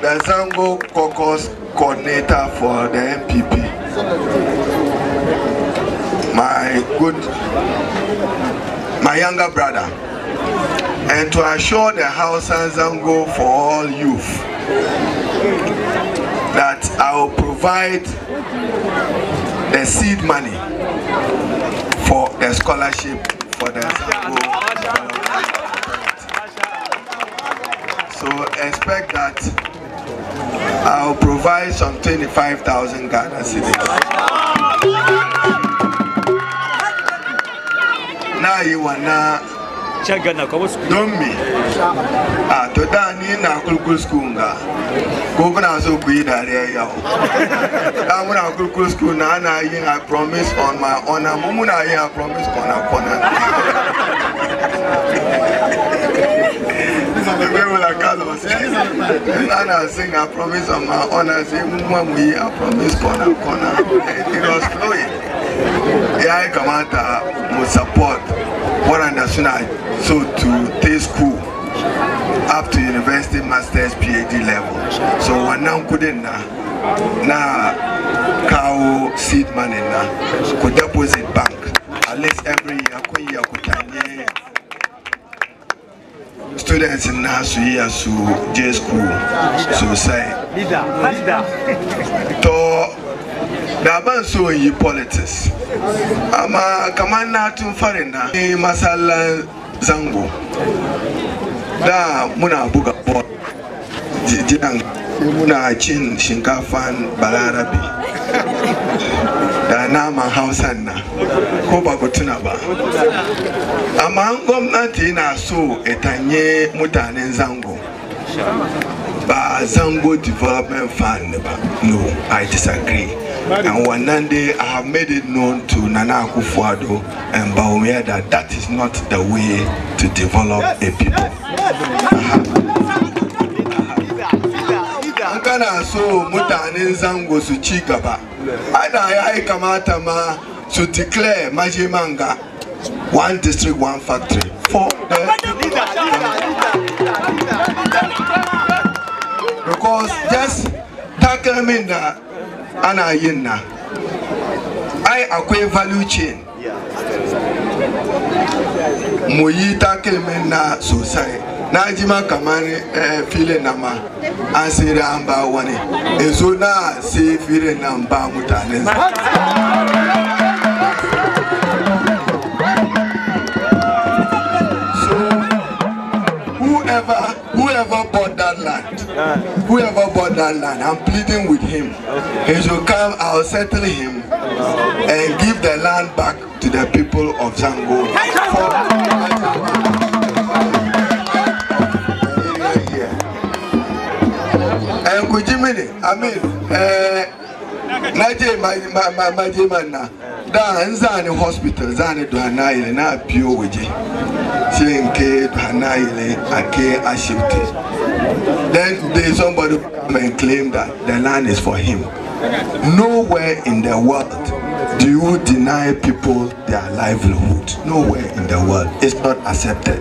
the Zango caucus coordinator for the MPP. My good, my younger brother. And to assure the House and Zango for all youth that I will provide the seed money for the scholarship for the Zango. So expect that provide some 25,000 Ghana cities. Now you are now don to da ni na school ga ko so dariya ya ku da muna school na ana i promise on my honor i promise on my honor. I sing, I promise on my honor, say, Mummy, I promise corner, corner. It was flowing. The I commander will support what understand so to take school up to university master's PhD level. So i now couldn't now cow seed money now could deposit bank at least every year. students na su yi a su j school sosai to da ban so yi politics amma kamar na tun farin na ni masallan zango da muna buga ball jiran muna cin shinkafan balarabi. n'ama hausa nan ko ba ku tuna ba amma gwamnati na so itanye mutanen zango ba zango development fund ba no i disagree and wannan day i have made it known to nana akufuado and bawumia that that is not the way to develop a people. na so mutanen zango su ci gaba ana ya kamata ma su declare majimanga one district one factory for the eh. because just takalmin da ana yin na ai akwai value chain mu yi takalmin na sosai na ji ma kamar eh, filin na ma an sai da an ba wani yanzu na sai filin nan ba Whoever, whoever bought that land, whoever bought that land, I'm pleading with him. He should come, I'll settle him and give the land back to the people of Zango. amini amin eh, na je maje manna da in za ni hospital za ni duhana ile na biyo waje sai in ke duhana ile a ke ashibiti then they somebody may claim that the land is for him nowhere in the world do you deny people their livelihood nowhere in the world it's not accepted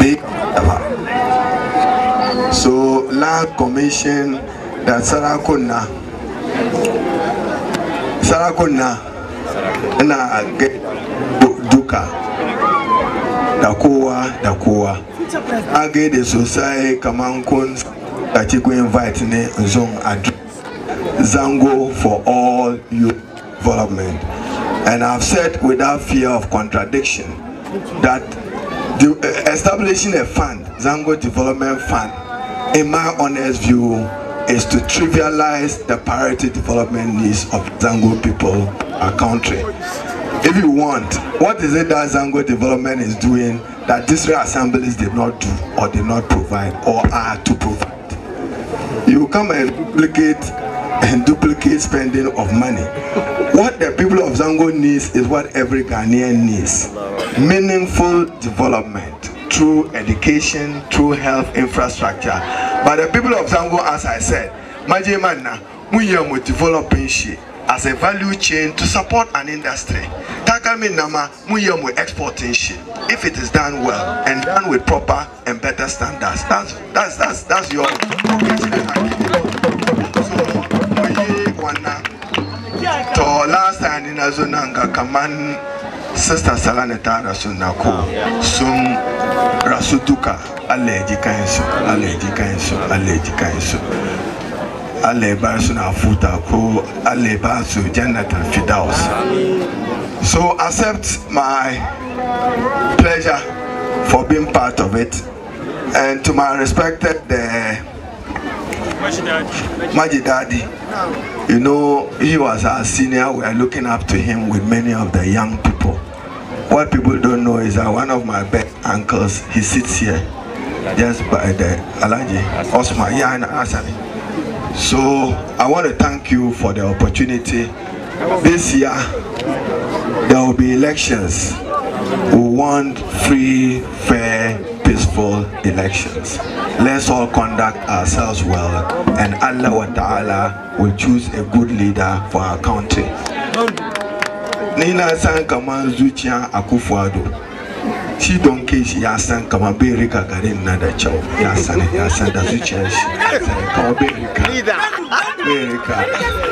they ever so land commission da sarakuna sarakuna ina ga duka da kowa da kowa a gaida sosai kamar kun da cikin invite ne zon zango for all you development and i've said without fear of contradiction that the, uh, establishing a fund zango development fund in my honest view is to trivialize the parity development needs of Zango people, our country. If you want, what is it that Zango development is doing that district assemblies did not do or did not provide or are to provide? You come and duplicate and duplicate spending of money. What the people of Zango needs is what every Ghanaian needs. Meaningful development through education, through health infrastructure, But the people of Zango, as I said, we are Munya developing develop as a value chain to support an industry. Takami Nama, Munya exporting export if it is done well and done with proper and better standards. That's that's that's that's your so last time in Azunanga Kaman sista Salaneta ta rasu Rasutuka, ko sun rasu duka allah ya ji kayansu futa ko allah ya ba fidaus so accept my pleasure for being part of it and to my respected the uh, Maji Daddy, you know, he was our senior. We are looking up to him with many of the young people. What people don't know is that one of my best uncles, he sits here just by the Alaji Osman, yeah, and Asani. So I want to thank you for the opportunity. This year, there will be elections. We want free, fair, peaceful elections. Let's all conduct ourselves well and Allah wa ta'ala will choose a good leader for our country. Ni na san kaman zuciya Akufo-Addo. Shi don kai shi ya san kaman bai rika garin na da Ya san ya san da zuciyar shi. Kaman berika rika.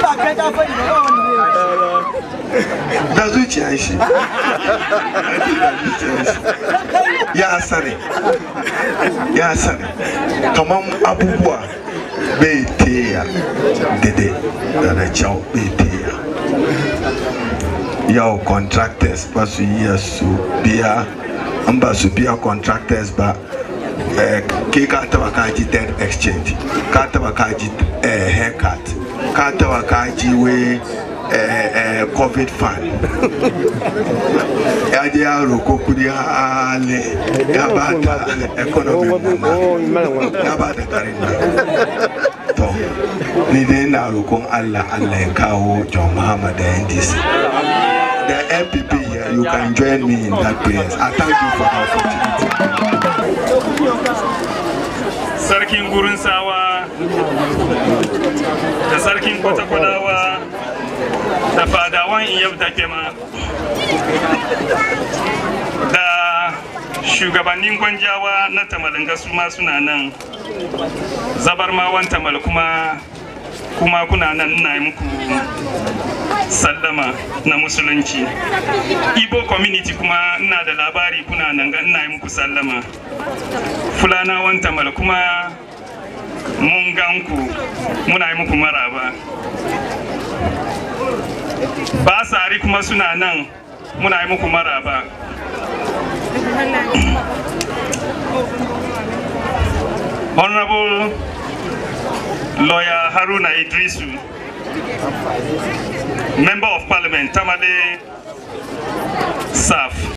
Bai rika. da zuciyar shi ya asare ya asare kamar abubuwa bai teya dede dada chao kyau bai teya contractors ba su iya su biya contractors ba ke ka taba kaji exchange kata wakaji eh, haircut kata wakaji kaji covid fan yadi aro ya roko ale hali ya ba ta economy ya ba ta tɔ to ni dai na roƙon allah allah ya kawo john muhammad da ndc the mpp here you can join me in that prayer i thank you for the opportunity sarkin gurin sawa da sarkin kwatakwalawa da fadawan iyauta kema da shugabannin gwanjawa na tamalin su ma suna nan Zabar ma wan tamal kuma kuma kuna nan ina yi muku sallama na musulunci igbo community kuma ina da labari kuna nan ga ina yi muku sallama Fulana wan tamal kuma mun ganku muna yi muku maraba ba sari kuma suna nan muna yi muku maraba honorable lawyer haruna idrisu member of parliament tamale saf